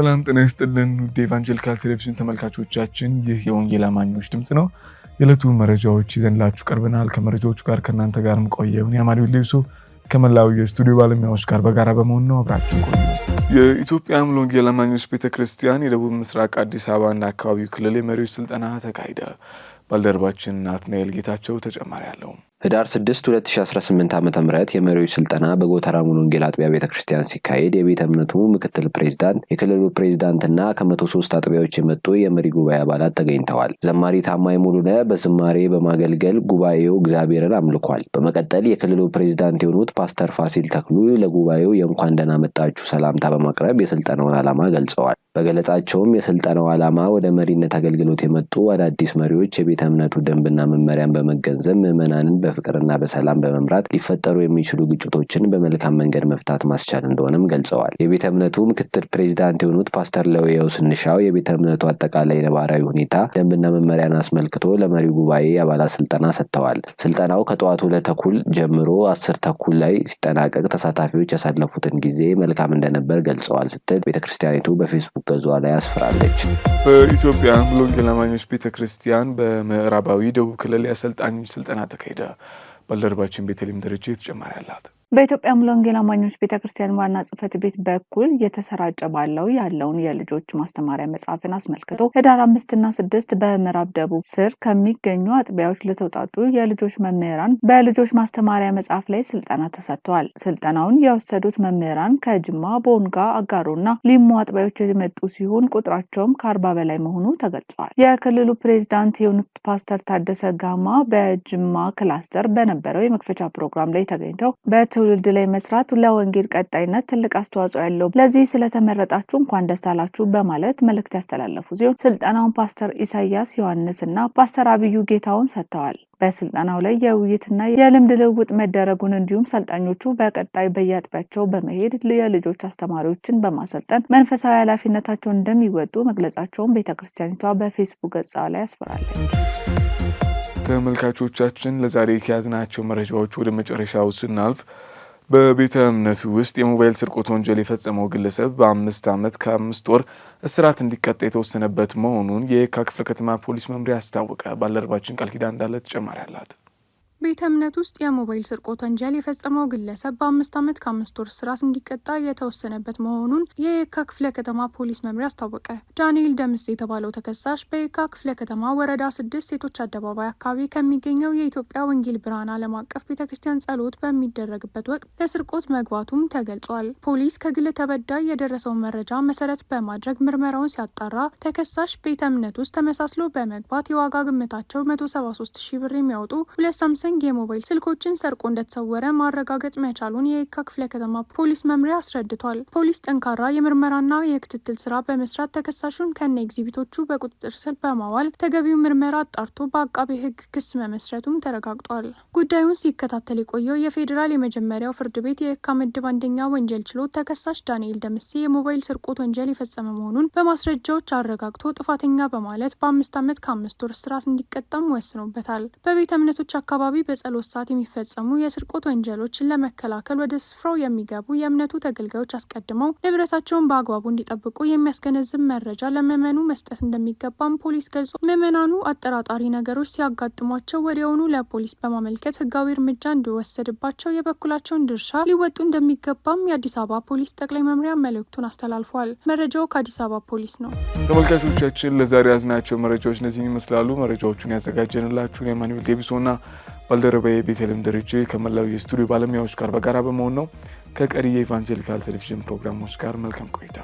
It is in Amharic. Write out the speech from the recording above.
ሰላም ጤና ይስጥልን ውድ ኤቫንጀሊካል ቴሌቪዥን ተመልካቾቻችን፣ ይህ የወንጌል አማኞች ድምፅ ነው። የዕለቱ መረጃዎች ይዘንላችሁ ቀርበናል። ከመረጃዎቹ ጋር ከእናንተ ጋርም ቆየውን የአማሪ ልብሶ ከመላው የስቱዲዮ ባለሙያዎች ጋር በጋራ በመሆን ነው። አብራችሁ ቆዩ። የኢትዮጵያ ሙሉ ወንጌል አማኞች ቤተክርስቲያን የደቡብ ምስራቅ አዲስ አበባና አካባቢው ክልል የመሪዎች ስልጠና ተካሂደ። ባልደረባችን ናትናኤል ጌታቸው ተጨማሪ አለውም ህዳር 6 2018 ዓ ም የመሪዎች ስልጠና በጎተራ ሙሉ ወንጌል አጥቢያ ቤተ ክርስቲያን ሲካሄድ የቤተ እምነቱ ምክትል ፕሬዚዳንት፣ የክልሉ ፕሬዚዳንትና ከ103 አጥቢያዎች የመጡ የመሪ ጉባኤ አባላት ተገኝተዋል። ዘማሪ ታማኝ ሙሉነ በዝማሬ በማገልገል ጉባኤው እግዚአብሔርን አምልኳል። በመቀጠል የክልሉ ፕሬዚዳንት የሆኑት ፓስተር ፋሲል ተክሉ ለጉባኤው የእንኳን ደህና መጣችሁ ሰላምታ በማቅረብ የስልጠናውን ዓላማ ገልጸዋል። በገለጻቸውም የስልጠናው ዓላማ ወደ መሪነት አገልግሎት የመጡ አዳዲስ መሪዎች የቤተ እምነቱ ደንብና መመሪያን በመገንዘብ ምዕመናንን በፍቅርና በሰላም በመምራት ሊፈጠሩ የሚችሉ ግጭቶችን በመልካም መንገድ መፍታት ማስቻል እንደሆነም ገልጸዋል። የቤተ እምነቱ ምክትል ፕሬዚዳንት የሆኑት ፓስተር ለውየው ስንሻው የቤተ እምነቱ አጠቃላይ ነባራዊ ሁኔታ ደንብና መመሪያን አስመልክቶ ለመሪው ጉባኤ አባላት ስልጠና ሰጥተዋል። ስልጠናው ከጠዋቱ ሁለት ተኩል ጀምሮ አስር ተኩል ላይ ሲጠናቀቅ ተሳታፊዎች ያሳለፉትን ጊዜ መልካም እንደነበር ገልጸዋል ስትል ቤተክርስቲያኒቱ በፌስቡክ ቁገዟ ላይ አስፍራለች። በኢትዮጵያ ሙሉ ወንጌል አማኞች ቤተ ክርስቲያን በምዕራባዊ ደቡብ ክልል የአሰልጣኞች ስልጠና ተካሄደ። ባልደረባችን ቤተልሔም ደረጀ ተጨማሪ አላት። በኢትዮጵያ ሙሉ ወንጌል አማኞች ቤተክርስቲያን ዋና ጽሕፈት ቤት በኩል እየተሰራጨ ባለው ያለውን የልጆች ማስተማሪያ መጽሐፍን አስመልክቶ ህዳር አምስትና ስድስት በምዕራብ ደቡብ ስር ከሚገኙ አጥቢያዎች ለተውጣጡ የልጆች መምህራን በልጆች ማስተማሪያ መጽሐፍ ላይ ስልጠና ተሰጥተዋል። ስልጠናውን የወሰዱት መምህራን ከጅማ፣ ቦንጋ፣ አጋሮና ሊሙ አጥቢያዎች የመጡ ሲሆን ቁጥራቸውም ከአርባ በላይ መሆኑ ተገልጿል። የክልሉ ፕሬዚዳንት የሆኑት ፓስተር ታደሰ ጋማ በጅማ ክላስተር በነበረው የመክፈቻ ፕሮግራም ላይ ተገኝተው በት ትውልድ ላይ መስራት ለወንጌል ቀጣይነት ትልቅ አስተዋጽኦ ያለው። ለዚህ ስለተመረጣችሁ እንኳን ደስ አላችሁ በማለት መልእክት ያስተላለፉ ሲሆን ስልጠናውን ፓስተር ኢሳያስ ዮሐንስ እና ፓስተር አብዩ ጌታውን ሰጥተዋል። በስልጠናው ላይ የውይይትና የልምድ ልውውጥ መደረጉን እንዲሁም ሰልጣኞቹ በቀጣይ በየአጥቢያቸው በመሄድ የልጆች አስተማሪዎችን በማሰልጠን መንፈሳዊ ኃላፊነታቸውን እንደሚወጡ መግለጻቸውን ቤተ ክርስቲያኒቷ በፌስቡክ ገጻ ላይ አስፍራለች። ተመልካቾቻችን ለዛሬ ከያዝናቸው መረጃዎች ወደ መጨረሻው ስናልፍ በቤተ እምነት ውስጥ የሞባይል ስርቆት ወንጀል የፈጸመው ግለሰብ በአምስት ዓመት ከአምስት ወር እስራት እንዲቀጣ የተወሰነበት መሆኑን የካ ክፍለ ከተማ ፖሊስ መምሪያ አስታወቀ። ባልደረባችን ቃል ኪዳን እንዳለ ተጨማሪ አላት። ቤተ እምነት ውስጥ የሞባይል ስርቆት ወንጀል የፈጸመው ግለሰብ በአምስት ዓመት ከአምስት ወር እስራት እንዲቀጣ የተወሰነበት መሆኑን የየካ ክፍለ ከተማ ፖሊስ መምሪያ አስታወቀ። ዳንኤል ደምስ የተባለው ተከሳሽ በየካ ክፍለ ከተማ ወረዳ ስድስት ሴቶች አደባባይ አካባቢ ከሚገኘው የኢትዮጵያ ወንጌል ብርሃን ዓለም አቀፍ ቤተ ክርስቲያን ጸሎት በሚደረግበት ወቅት ለስርቆት መግባቱም ተገልጿል። ፖሊስ ከግል ተበዳይ የደረሰውን መረጃ መሰረት በማድረግ ምርመራውን ሲያጣራ ተከሳሽ ቤተ እምነት ውስጥ ተመሳስሎ በመግባት የዋጋ ግምታቸው 173 ሺ ብር የሚያወጡ ሁለት ዘንግ የሞባይል ስልኮችን ሰርቆ እንደተሰወረ ማረጋገጥ መቻሉን የየካ ክፍለ ከተማ ፖሊስ መምሪያ አስረድቷል። ፖሊስ ጠንካራ የምርመራና የክትትል ስራ በመስራት ተከሳሹን ከነ ኤግዚቢቶቹ በቁጥጥር ስር በማዋል ተገቢው ምርመራ አጣርቶ በአቃቤ ሕግ ክስ መመስረቱም ተረጋግጧል። ጉዳዩን ሲከታተል የቆየው የፌዴራል የመጀመሪያው ፍርድ ቤት የየካ ምድብ አንደኛ ወንጀል ችሎት ተከሳሽ ዳንኤል ደምሴ የሞባይል ስርቆት ወንጀል የፈጸመ መሆኑን በማስረጃዎች አረጋግቶ ጥፋተኛ በማለት በአምስት ዓመት ከአምስት ወር እስራት እንዲቀጠም ወስኖበታል። በቤተ እምነቶች አካባቢ በጸሎት ሰዓት የሚፈጸሙ የስርቆት ወንጀሎችን ለመከላከል ወደ ስፍራው የሚገቡ የእምነቱ ተገልጋዮች አስቀድመው ንብረታቸውን በአግባቡ እንዲጠብቁ የሚያስገነዝብ መረጃ ለምዕመኑ መስጠት እንደሚገባም ፖሊስ ገልጾ ምዕመናኑ አጠራጣሪ ነገሮች ሲያጋጥሟቸው ወዲያውኑ ለፖሊስ በማመልከት ህጋዊ እርምጃ እንዲወሰድባቸው የበኩላቸውን ድርሻ ሊወጡ እንደሚገባም የአዲስ አበባ ፖሊስ ጠቅላይ መምሪያ መልእክቱን አስተላልፏል። መረጃው ከአዲስ አበባ ፖሊስ ነው። ተመልካቾቻችን ለዛሬ ያዝናቸው መረጃዎች እነዚህን ይመስላሉ። መረጃዎቹን ያዘጋጀንላችሁን የማኑኤል ገቢሶና ባልደረባዬ ቤተልሔም ደረጀ ከመላው የስቱዲዮ ባለሙያዎች ጋር በጋራ በመሆን ነው። ከቀሪ የኢቫንጀሊካል ቴሌቪዥን ፕሮግራሞች ጋር መልካም ቆይታ